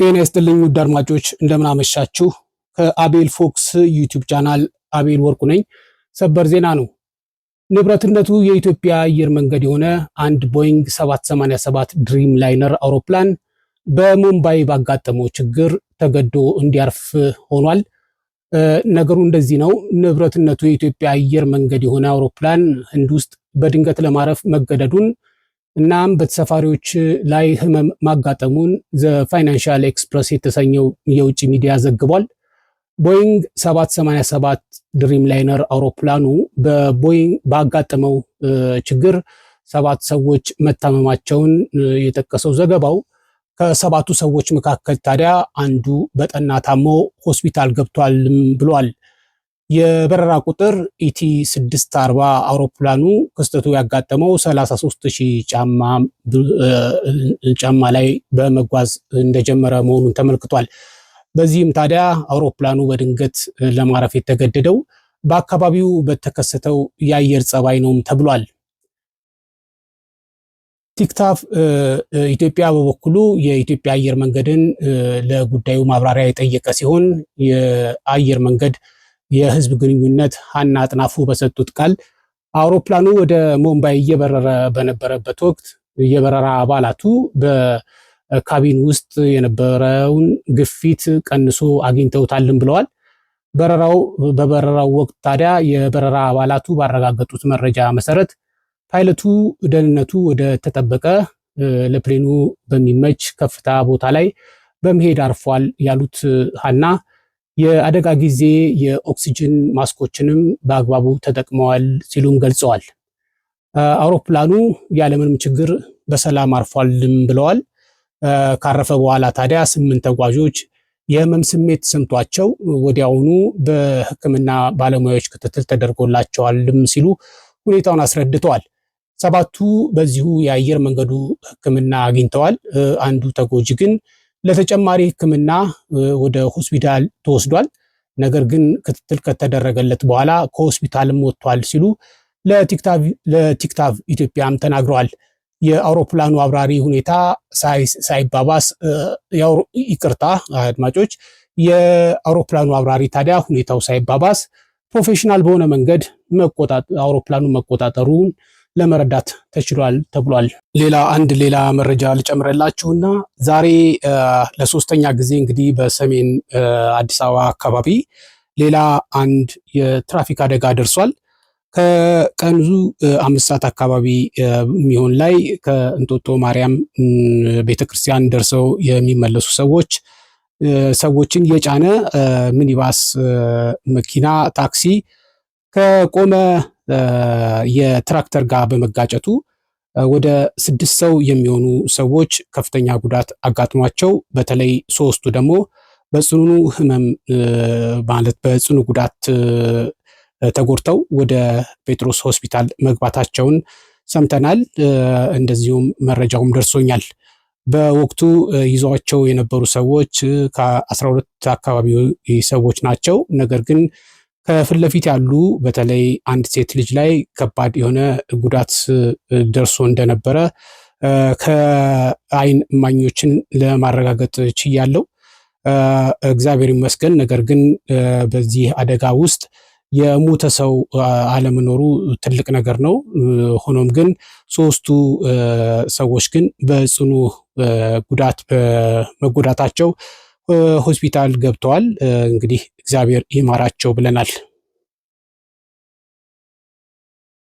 ጤና ይስጥልኝ ውድ አድማጮች እንደምናመሻችሁ። ከአቤል ፎክስ ዩቲዩብ ቻናል አቤል ወርቁ ነኝ። ሰበር ዜና ነው። ንብረትነቱ የኢትዮጵያ አየር መንገድ የሆነ አንድ ቦይንግ 787 ድሪም ላይነር አውሮፕላን በሙምባይ ባጋጠመው ችግር ተገዶ እንዲያርፍ ሆኗል። ነገሩ እንደዚህ ነው። ንብረትነቱ የኢትዮጵያ አየር መንገድ የሆነ አውሮፕላን ህንድ ውስጥ በድንገት ለማረፍ መገደዱን እናም በተሳፋሪዎች ላይ ህመም ማጋጠሙን ዘ ፋይናንሻል ኤክስፕረስ የተሰኘው የውጭ ሚዲያ ዘግቧል። ቦይንግ 787 ድሪም ላይነር አውሮፕላኑ በቦይንግ ባጋጠመው ችግር ሰባት ሰዎች መታመማቸውን የጠቀሰው ዘገባው ከሰባቱ ሰዎች መካከል ታዲያ አንዱ በጠና ታሞ ሆስፒታል ገብቷልም ብሏል። የበረራ ቁጥር ኢቲ 640 አውሮፕላኑ ክስተቱ ያጋጠመው 33000 ጫማ ላይ በመጓዝ እንደጀመረ መሆኑን ተመልክቷል። በዚህም ታዲያ አውሮፕላኑ በድንገት ለማረፍ የተገደደው በአካባቢው በተከሰተው የአየር ጸባይ ነውም ተብሏል። ቲክታፍ ኢትዮጵያ በበኩሉ የኢትዮጵያ አየር መንገድን ለጉዳዩ ማብራሪያ የጠየቀ ሲሆን የአየር መንገድ የህዝብ ግንኙነት ሀና አጥናፉ በሰጡት ቃል አውሮፕላኑ ወደ ሞምባይ እየበረረ በነበረበት ወቅት የበረራ አባላቱ በካቢን ውስጥ የነበረውን ግፊት ቀንሶ አግኝተውታልን ብለዋል። በረራው በበረራው ወቅት ታዲያ የበረራ አባላቱ ባረጋገጡት መረጃ መሰረት ፓይለቱ ደህንነቱ ወደ ተጠበቀ ለፕሌኑ በሚመች ከፍታ ቦታ ላይ በመሄድ አርፏል ያሉት ሀና የአደጋ ጊዜ የኦክሲጅን ማስኮችንም በአግባቡ ተጠቅመዋል ሲሉም ገልጸዋል። አውሮፕላኑ ያለምንም ችግር በሰላም አርፏልም ብለዋል። ካረፈ በኋላ ታዲያ ስምንት ተጓዦች የህመም ስሜት ሰምቷቸው ወዲያውኑ በሕክምና ባለሙያዎች ክትትል ተደርጎላቸዋልም ሲሉ ሁኔታውን አስረድተዋል። ሰባቱ በዚሁ የአየር መንገዱ ሕክምና አግኝተዋል። አንዱ ተጎጂ ግን ለተጨማሪ ሕክምና ወደ ሆስፒታል ተወስዷል። ነገር ግን ክትትል ከተደረገለት በኋላ ከሆስፒታልም ወጥቷል ሲሉ ለቲክታቭ ኢትዮጵያም ተናግረዋል። የአውሮፕላኑ አብራሪ ሁኔታ ሳይባባስ ይቅርታ አድማጮች፣ የአውሮፕላኑ አብራሪ ታዲያ ሁኔታው ሳይባባስ ፕሮፌሽናል በሆነ መንገድ አውሮፕላኑ መቆጣጠሩን ለመረዳት ተችሏል ተብሏል። ሌላ አንድ ሌላ መረጃ ልጨምረላችሁና ዛሬ ለሶስተኛ ጊዜ እንግዲህ በሰሜን አዲስ አበባ አካባቢ ሌላ አንድ የትራፊክ አደጋ ደርሷል። ከቀኑ አምስት ሰዓት አካባቢ የሚሆን ላይ ከእንጦጦ ማርያም ቤተክርስቲያን ደርሰው የሚመለሱ ሰዎች ሰዎችን የጫነ ሚኒባስ መኪና ታክሲ ከቆመ የትራክተር ጋር በመጋጨቱ ወደ ስድስት ሰው የሚሆኑ ሰዎች ከፍተኛ ጉዳት አጋጥሟቸው በተለይ ሶስቱ ደግሞ በጽኑ ህመም ማለት በጽኑ ጉዳት ተጎድተው ወደ ጴጥሮስ ሆስፒታል መግባታቸውን ሰምተናል። እንደዚሁም መረጃውም ደርሶኛል። በወቅቱ ይዟቸው የነበሩ ሰዎች ከአስራ ሁለት አካባቢ ሰዎች ናቸው። ነገር ግን ከፊት ለፊት ያሉ በተለይ አንድ ሴት ልጅ ላይ ከባድ የሆነ ጉዳት ደርሶ እንደነበረ ከአይን እማኞችን ለማረጋገጥ ችያለው። እግዚአብሔር ይመስገን። ነገር ግን በዚህ አደጋ ውስጥ የሞተ ሰው አለመኖሩ ትልቅ ነገር ነው። ሆኖም ግን ሶስቱ ሰዎች ግን በጽኑ ጉዳት በመጎዳታቸው ሆስፒታል ገብተዋል። እንግዲህ እግዚአብሔር ይማራቸው ብለናል።